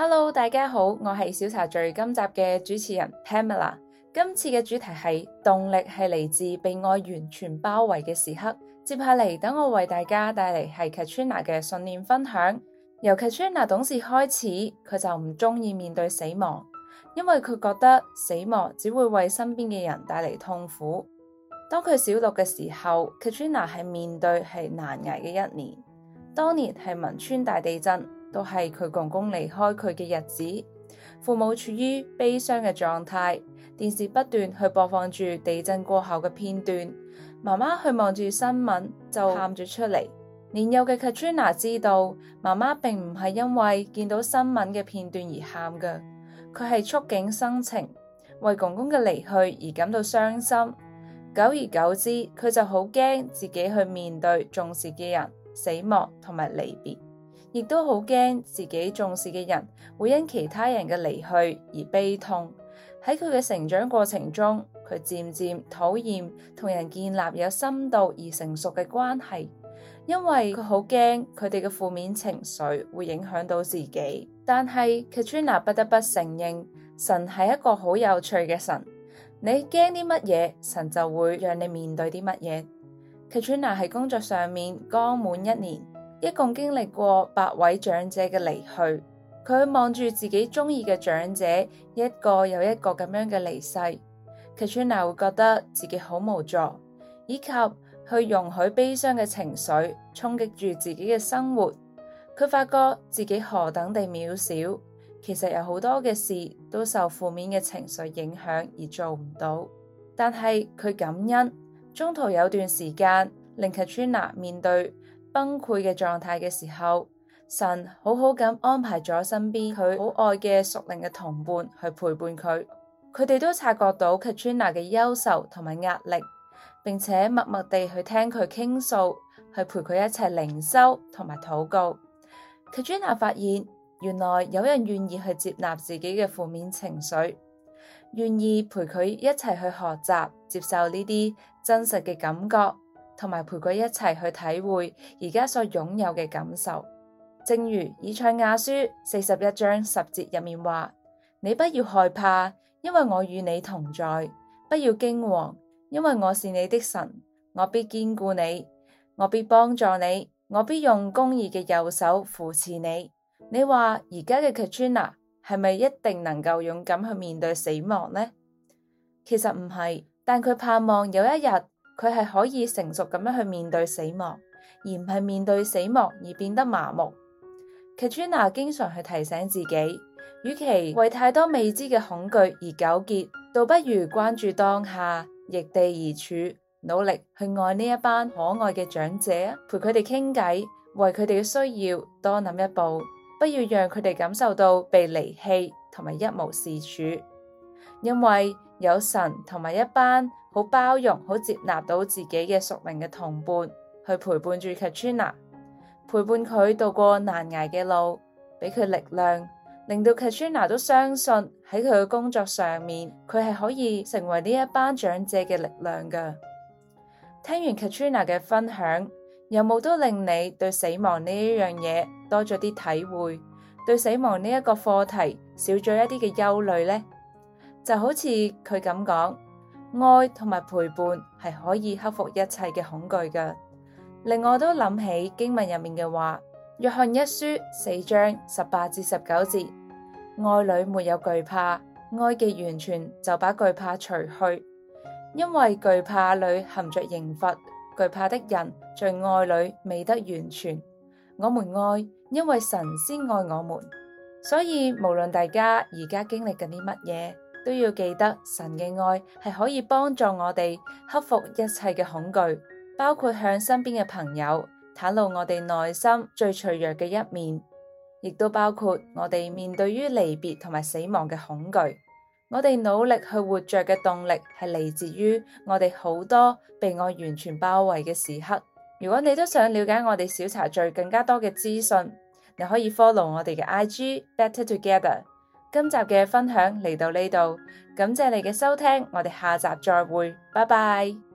Hello，大家好，我係小茶聚今集嘅主持人 Pamela。今次嘅主題係動力係嚟自被愛完全包圍嘅時刻。接下嚟等我為大家帶嚟係 Katrina 嘅信念分享。由 Katrina 懂事開始，佢就唔中意面對死亡，因為佢覺得死亡只會為身邊嘅人帶嚟痛苦。當佢小六嘅時候，Katrina 係面對係難挨嘅一年，當年係汶川大地震。都係佢公公離開佢嘅日子，父母處於悲傷嘅狀態，電視不斷去播放住地震過後嘅片段，媽媽去望住新聞就喊咗出嚟。年幼嘅 Katrina 知道媽媽並唔係因為見到新聞嘅片段而喊㗎，佢係觸景生情，為公公嘅離去而感到傷心。久而久之，佢就好驚自己去面對重視嘅人死亡同埋離別。亦都好驚自己重視嘅人會因其他人嘅離去而悲痛。喺佢嘅成長過程中，佢漸漸討厭同人建立有深度而成熟嘅關係，因為佢好驚佢哋嘅負面情緒會影響到自己。但係 Katrina 不得不承認，神係一個好有趣嘅神。你驚啲乜嘢，神就會讓你面對啲乜嘢。Katrina 喺工作上面剛滿一年，一共經歷過八位長者嘅離去，佢望住自己中意嘅長者一個又一個咁樣嘅離世，Katrina 會覺得自己好無助，以及去容許悲傷嘅情緒衝擊住自己嘅生活。佢發覺自己何等地渺小，其實有好多嘅事都受負面嘅情緒影響而做唔到。但係佢感恩，中途有段時間令 Katrina 面對崩潰嘅狀態嘅時候，神好好咁安排咗身邊佢好愛嘅屬靈嘅同伴去陪伴佢，佢哋都察覺到 Katrina 嘅憂愁同埋壓力，並且默默地去聽佢傾訴，去陪佢一齊靈修同埋禱告。Katrina 發現，原來有人願意去接納自己嘅負面情緒，願意陪佢一齊去學習接受呢啲真實嘅感覺。同埋陪佢一齊去體會而家所擁有嘅感受，正如以賽亞書四十一章十節入面話：你不要害怕，因為我與你同在；不要驚惶，因為我是你的神，我必堅固你，我必幫助你，我必用公義嘅右手扶持你。你話而家嘅 Katrina，係咪一定能夠勇敢去面對死亡呢？其實唔係，但佢盼望有一日。佢係可以成熟咁樣去面對死亡，而唔係面對死亡而變得麻木。Katrina 經常去提醒自己，與其為太多未知嘅恐懼而糾結，倒不如關注當下，易地而處，努力去愛呢一班可愛嘅長者，陪佢哋傾偈，為佢哋嘅需要多諗一步，不要讓佢哋感受到被離棄同埋一無是處。因為有神同埋一班好包容、好接納到自己嘅屬靈嘅同伴去陪伴住 Katrina，陪伴佢度過難挨嘅路，俾佢力量，令到 Katrina 都相信喺佢嘅工作上面，佢係可以成為呢一班長者嘅力量㗎。聽完 Katrina 嘅分享，有冇都令你對死亡呢一樣嘢多咗啲體會，對死亡呢一個課題少咗一啲嘅憂慮呢？就好似佢咁講，愛同埋陪伴係可以克服一切嘅恐懼嘅，令我都諗起經文入面嘅話，《約翰一書》四章十八至十九節：愛裏沒有懼怕，愛嘅完全就把懼怕除去，因為懼怕裏含着刑罰，懼怕的人在愛裏未得完全。我們愛，因為神先愛我們，所以無論大家而家經歷緊啲乜嘢。都要記得神嘅愛係可以幫助我哋克服一切嘅恐懼，包括向身邊嘅朋友袒露我哋內心最脆弱嘅一面，亦都包括我哋面對於離別同埋死亡嘅恐懼。我哋努力去活着嘅動力係嚟自於我哋好多被愛完全包圍嘅時刻。如果你都想了解我哋小茶聚更加多嘅資訊，你可以 follow 我哋嘅 IG Better Together。今集嘅分享嚟到呢度，感謝你嘅收聽，我哋下集再會，拜拜。